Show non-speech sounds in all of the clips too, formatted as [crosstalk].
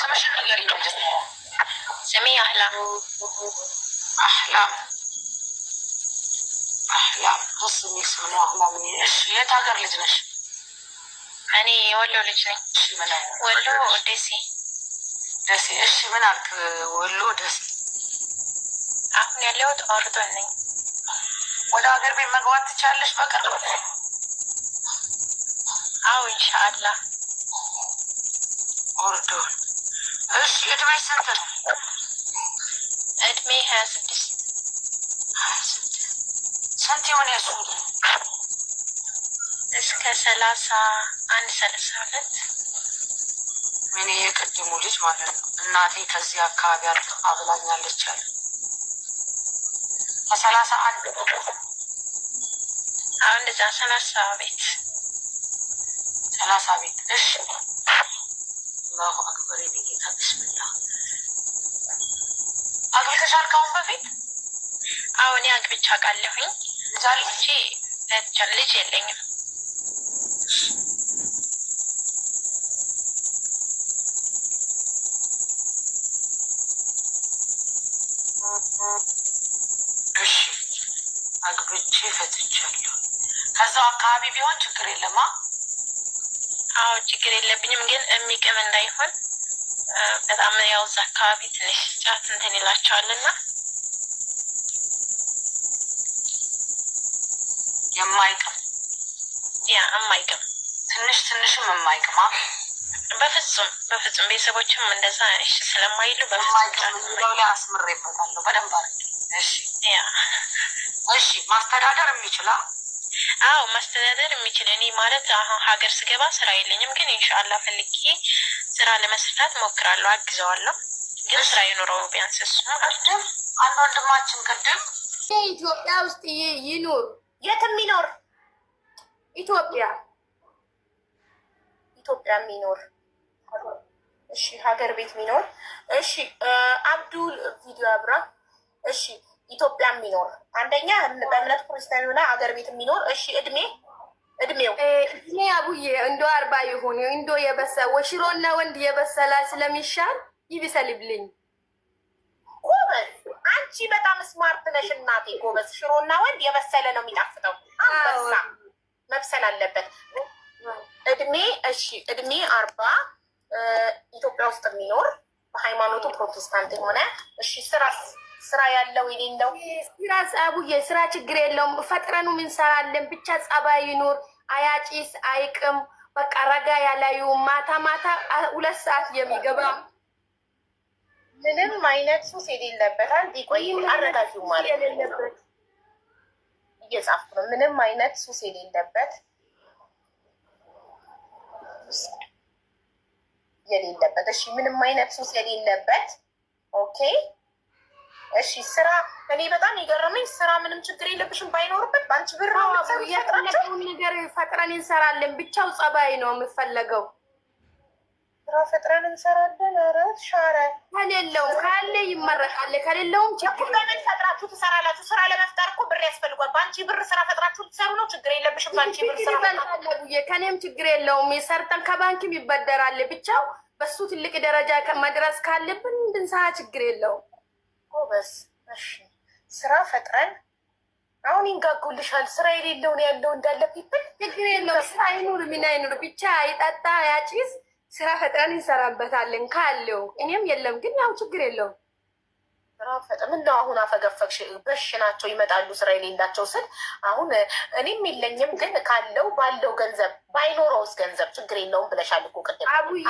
ስምሽን ንገሪ ነው። ስሜ አህላም አህላም አህላም ስ ስም ነው። አህላም የት ሀገር ልጅ ነሽ? እኔ የወሎ ልጅ ነኝ። ወሎ ደሴ ደሴ። እሺ ምን አልክ? ወሎ ደሴ። አሁን ያለሁት ኦርዶን ነኝ። ወደ ሀገር ቤት መግባት ትቻለሽ በቅርብ? አዎ ኢንሻአላህ። ኦርዶን እሺ እድሜ ስንት ነው? እድሜ ሀያ ስድስት ስንት የሆነ ያሱ እስከ ሰላሳ አንድ ሰላሳ ሁለት እኔ የቅድሙ ልጅ ማለት ነው። እናቴ ከዚህ አካባቢ አብላኛለች አለ ከሰላሳ አንድ አሁን እዛ ሰላሳ ቤት ሰላሳ ቤት እሺ አላሁ አክበር የጌታ ብስምላ አግብተሻል? ከአሁን በፊት አሁን አግብቻ ቃለሁኝ ዛልቼ ልጅ የለኝም። እሺ አግብቼ ፈትቻለሁ። ከዛው አካባቢ ቢሆን ችግር የለማ አዎ ችግር የለብኝም፣ ግን የሚቅም እንዳይሆን በጣም ያው እዛ አካባቢ ትንሽ ጫት እንትን ይላቸዋልና የማይቅም ያ የማይቅም ትንሽ ትንሽም የማይቅማ በፍጹም በፍጹም ቤተሰቦችም እንደዛ እሺ ስለማይሉ በፍጹምለው አስምሬበታለሁ በደንብ አረ እሺ ያ እሺ ማስተዳደር የሚችላ አዎ ማስተዳደር የሚችል እኔ ማለት አሁን ሀገር ስገባ ስራ የለኝም፣ ግን ኢንሻአላ ፈልጌ ስራ ለመስራት ሞክራለሁ፣ አግዘዋለሁ። ግን ስራ ይኖረው ቢያንስ እሱ ቅድም አንድ ወንድማችን ቅድም ኢትዮጵያ ውስጥ ይኑር የትም ይኖር ኢትዮጵያ ኢትዮጵያ የሚኖር እሺ ሀገር ቤት የሚኖር እሺ አብዱል ቪዲዮ አብራ እሺ ኢትዮጵያ የሚኖር አንደኛ በእምነት ክርስቲያን የሆነ አገር ቤት የሚኖር እሺ፣ እድሜ እድሜው እድሜ አቡዬ እንዶ አርባ ይሁን እንዶ የበሰ ወሽሮና ወንድ የበሰለ ስለሚሻል ይብሰልብልኝ። ጎበዝ፣ አንቺ በጣም ስማርት ነሽ እናቴ። ጎበዝ፣ ሽሮና ወንድ የበሰለ ነው የሚጣፍጠው። አንበሳ መብሰል አለበት። እድሜ እሺ፣ እድሜ አርባ ኢትዮጵያ ውስጥ የሚኖር በሃይማኖቱ ፕሮቴስታንት የሆነ እሺ፣ ስራስ ስራ ያለው የሌለው ስራ ጸቡዬ ስራ ችግር የለውም። ፈጥረኑ ምንሰራለን ብቻ ጸባይ ይኑር። አያጭስ አይቅም። በቃ ረጋ ያላዩ ማታ ማታ ሁለት ሰዓት የሚገባ ምንም አይነት ሱስ የሌለበታል። አንድ ቆይ አረጋጁ ማለት የሌለበት እየጻፍኩ ነው። ምንም አይነት ሱስ የሌለበት የሌለበት እሺ፣ ምንም አይነት ሱስ የሌለበት ኦኬ እሺ ስራ እኔ በጣም የገረመኝ ስራ ምንም ችግር የለብሽም፣ ባይኖርበት በአንቺ ብር የፈለገውን ነገር ፈጥረን እንሰራለን። ብቻው ጸባይ ነው የምፈለገው ስራ ፈጥረን እንሰራለን። ኧረ ሻረ ከሌለው ካለ ይመረቃል፣ ከሌለውም ችግር ለምን ፈጥራችሁ ትሰራላችሁ? ስራ ለመፍጠር እኮ ብር ያስፈልጓል። በአንቺ ብር ስራ ፈጥራችሁ ትሰሩ ነው። ችግር የለብሽም። በአንቺ ብር ስራ ከኔም ችግር የለውም። የሰርተን ከባንክም ይበደራል። ብቻው በሱ ትልቅ ደረጃ መድረስ ካለብን ብንሰራ ችግር የለውም። ጎበዝ። እሺ ስራ ፈጥረን አሁን ይንጋጉልሻል። ስራ የሌለውን ያለው እንዳለ ቢብል ችግር የለው። ስራ አይኑር ምን አይኑር ብቻ ይጠጣ ያጭስ፣ ስራ ፈጥረን እንሰራበታለን ካለው እኔም የለም ግን ያው ችግር የለውም። ስራ ፈጥረን እንደው አሁን አፈገፈግሽ በሽ ናቸው ይመጣሉ ስራ የሌላቸው ስል አሁን እኔም የለኝም ግን ካለው ባለው ገንዘብ ባይኖረውስ ገንዘብ ችግር የለውም ብለሻል እኮ ቅድም አቡዬ።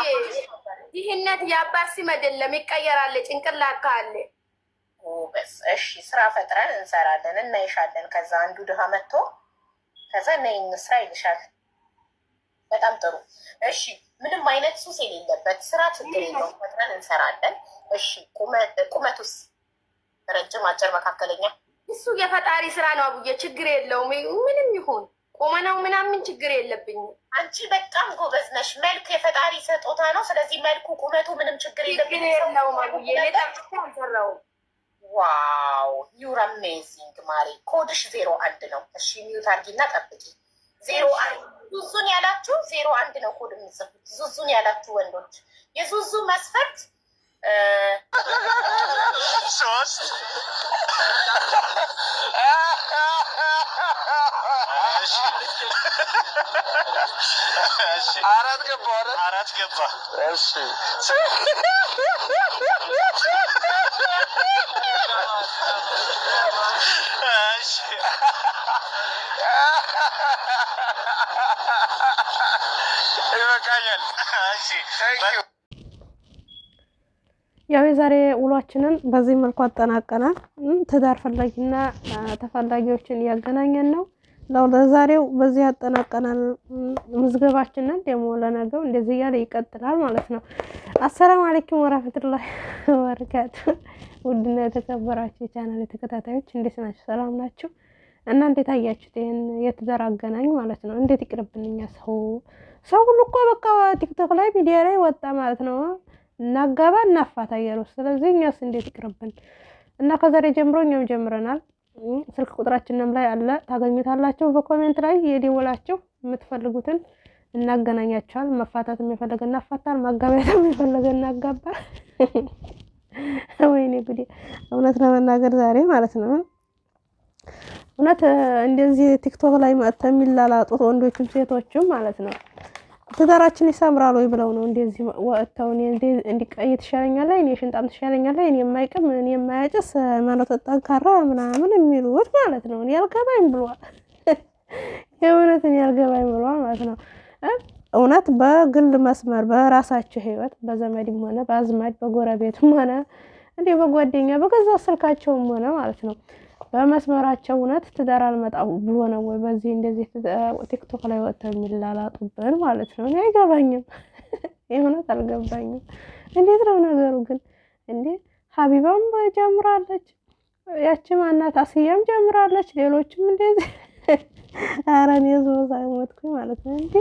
ይህነት የአባት ስም አይደለም ይቀየራል። ጭንቅላት ካለ እሺ ስራ ፈጥረን እንሰራለን እናይሻለን። ከዛ አንዱ ድሃ መጥቶ ከዛ ነይ እንስራ ይልሻል። በጣም ጥሩ እሺ። ምንም አይነት ሱስ የሌለበት ስራ ችግር የለውም። ፈጥረን እንሰራለን። እሺ ቁመቱስ ረጅም፣ አጭር፣ መካከለኛ? እሱ የፈጣሪ ስራ ነው አቡዬ፣ ችግር የለውም። ምንም ይሁን ቆመናው ምናምን ችግር የለብኝም። አንቺ በጣም ጎበዝ ነሽ። መልክ የፈጣሪ ስጦታ ነው። ስለዚህ መልኩ ቁመቱ ምንም ችግር የለብኝ። የለውም አቡዬ፣ አልሰራውም ዋው ዩር አሜዚንግ ማሪ። ኮድሽ ዜሮ አንድ ነው። እሺ ሚዩት አድርጊና ጠብቂ። ዜሮ አንድ ዙዙን ያላችሁ ዜሮ አንድ ነው ኮድ የሚጽፉት ዙዙን ያላችሁ ወንዶች የዙዙ መስፈርት አራት ገባ አራት ገባ እሺ ያው የዛሬ ውሏችንን በዚህ መልኩ አጠናቀናል። ትዳር ፈላጊና ተፈላጊዎችን እያገናኘን ነው። ለዛሬው በዚህ አጠናቀናል ምዝገባችንን ደግሞ ለነገው እንደዚህ እያለ ይቀጥላል ማለት ነው። አሰላሙ አለይኩም ወራህመቱላሂ ወበረካቱ። ውድና የተከበራችሁ የቻናል ተከታታዮች እንዴት ናችሁ? ሰላም ናችሁ? እና እንዴት አያችሁት? ይህን የትዳር አገናኝ ማለት ነው። እንዴት ይቅርብን። እኛ ሰው ሰው ሁሉ እኮ በቃ ቲክቶክ ላይ ሚዲያ ላይ ወጣ ማለት ነው። እናጋባ እናፋታ እያሉ ስለዚህ እኛስ እንዴት ይቅርብን። እና ከዛሬ ጀምሮ እኛም ጀምረናል። ስልክ ቁጥራችንም ላይ አለ ታገኙታላችሁ። በኮሜንት ላይ የደወላችሁ የምትፈልጉትን እናገናኛቸዋል። መፋታት የፈለገ እናፋታል፣ ማጋባያት የፈለገ እናጋባ። ወይኔ ጉዴ! እውነት ለመናገር ዛሬ ማለት ነው እውነት እንደዚህ ቲክቶክ ላይ መጥተ የሚላላጡት ወንዶችም ሴቶችም ማለት ነው ትዳራችን ይሰምራል ወይ ብለው ነው እንደዚህ ወጥተው እንዲቀይ ትሻለኛለ፣ እኔ ሽንጣም ትሻለኛለ፣ እኔ የማይቅም እኔ የማያጭስ ሃይማኖት ጠንካራ ምናምን የሚሉት ማለት ነው። ያልገባኝ ብሏል። [laughs] የእውነትን ያልገባኝ ብሏል ማለት ነው። እውነት በግል መስመር በራሳቸው ህይወት በዘመድም ሆነ በአዝማድ በጎረቤትም ሆነ እንዲሁ በጓደኛ በገዛ ስልካቸውም ሆነ ማለት ነው በመስመራቸው እውነት ትዳር አልመጣ ብሎ ነው ወይ በዚህ እንደዚህ ቲክቶክ ላይ ወጥተው የሚላላጡብን ማለት ነው። እኔ አይገባኝም፣ [laughs] የእውነት አልገባኝም። እንዴት ነው ነገሩ ግን? እንዴ ሀቢባም ጀምራለች፣ ያችም ማናት አስያም ጀምራለች፣ ሌሎችም እንደዚህ ኧረ [laughs] እኔ ዝም ሳይሞትኩኝ ማለት ነው። እንዴ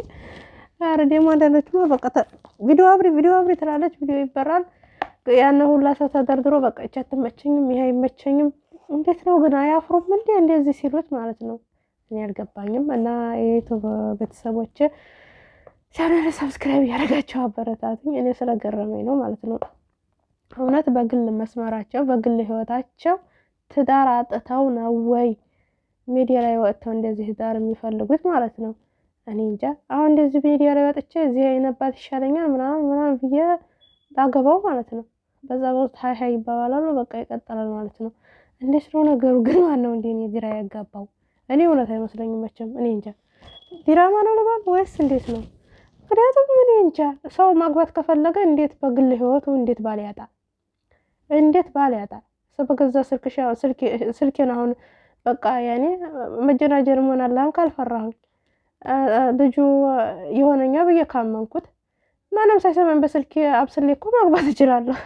አረ ደግሞ አንዳንዶች በቃ ቪዲዮ አብሪ ቪዲዮ አብሪ ትላለች፣ ቪዲዮ ይበራል። ያነ ሁላ ሰው ተደርድሮ በቃ ይቻ አትመቸኝም፣ ይሄ አይመቸኝም እንዴት ነው ግን አያፍሩም እንዲ እንደዚህ ሲሉት ማለት ነው። እኔ አልገባኝም። እና የዩቱብ ቤተሰቦች ቻናል ሰብስክራይብ ያደረጋቸው አበረታትኝ። እኔ ስለገረመኝ ነው ማለት ነው። እውነት በግል መስመራቸው በግል ህይወታቸው ትዳር አጥተው ነው ወይ ሚዲያ ላይ ወጥተው እንደዚህ ትዳር የሚፈልጉት ማለት ነው። እኔ እንጃ። አሁን እንደዚህ ሚዲያ ላይ ወጥቼ እዚህ አይነባት ይሻለኛል ምናምን ምናምን ብዬ ላገባው ማለት ነው በዛ በውስጥ ሀይ ሀይ ይባባላሉ። በቃ ይቀጥላል ማለት ነው። እንዴት ነው ነገሩ? ግን ማነው እንዴ ግራ ያጋባው? እኔ እውነት አይመስለኝም መቼም። እኔ እንጃ ዲራማ ነው ልባል ወይስ እንዴት ነው? ምክንያቱም እኔ እንጃ ሰው ማግባት ከፈለገ እንዴት በግል ህይወቱ እንዴት ባል ያጣ? እንዴት ባል ያጣ? ሰው በገዛ ስልኬን አሁን በቃ ያኔ መጀናጀር ሆናለህን ካልፈራሁኝ ልጁ የሆነኛ ብዬ ካመንኩት ማንም ሳይሰማኝ በስልኬ አብስሌ እኮ ማግባት እችላለሁ።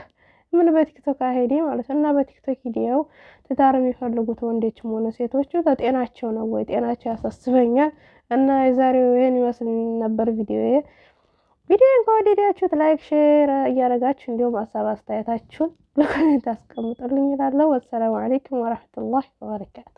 ምን በቲክቶክ አሄዴ ማለት ነው። እና በቲክቶክ ሂዲያው ትዳር የሚፈልጉት ወንዶችም ሆነ ሴቶቹ ለጤናቸው ነው ወይ? ጤናቸው ያሳስበኛል። እና የዛሬው ይህን ይመስል ነበር ቪዲዮ። ቪዲዮን ከወደዳችሁት ላይክ፣ ሼር እያደረጋችሁ እንዲሁም ሀሳብ አስተያየታችሁን በኮሜንት አስቀምጡልኝ እላለሁ። ወሰላሙ አሌይኩም ወረህመቱላህ ወበረካቱ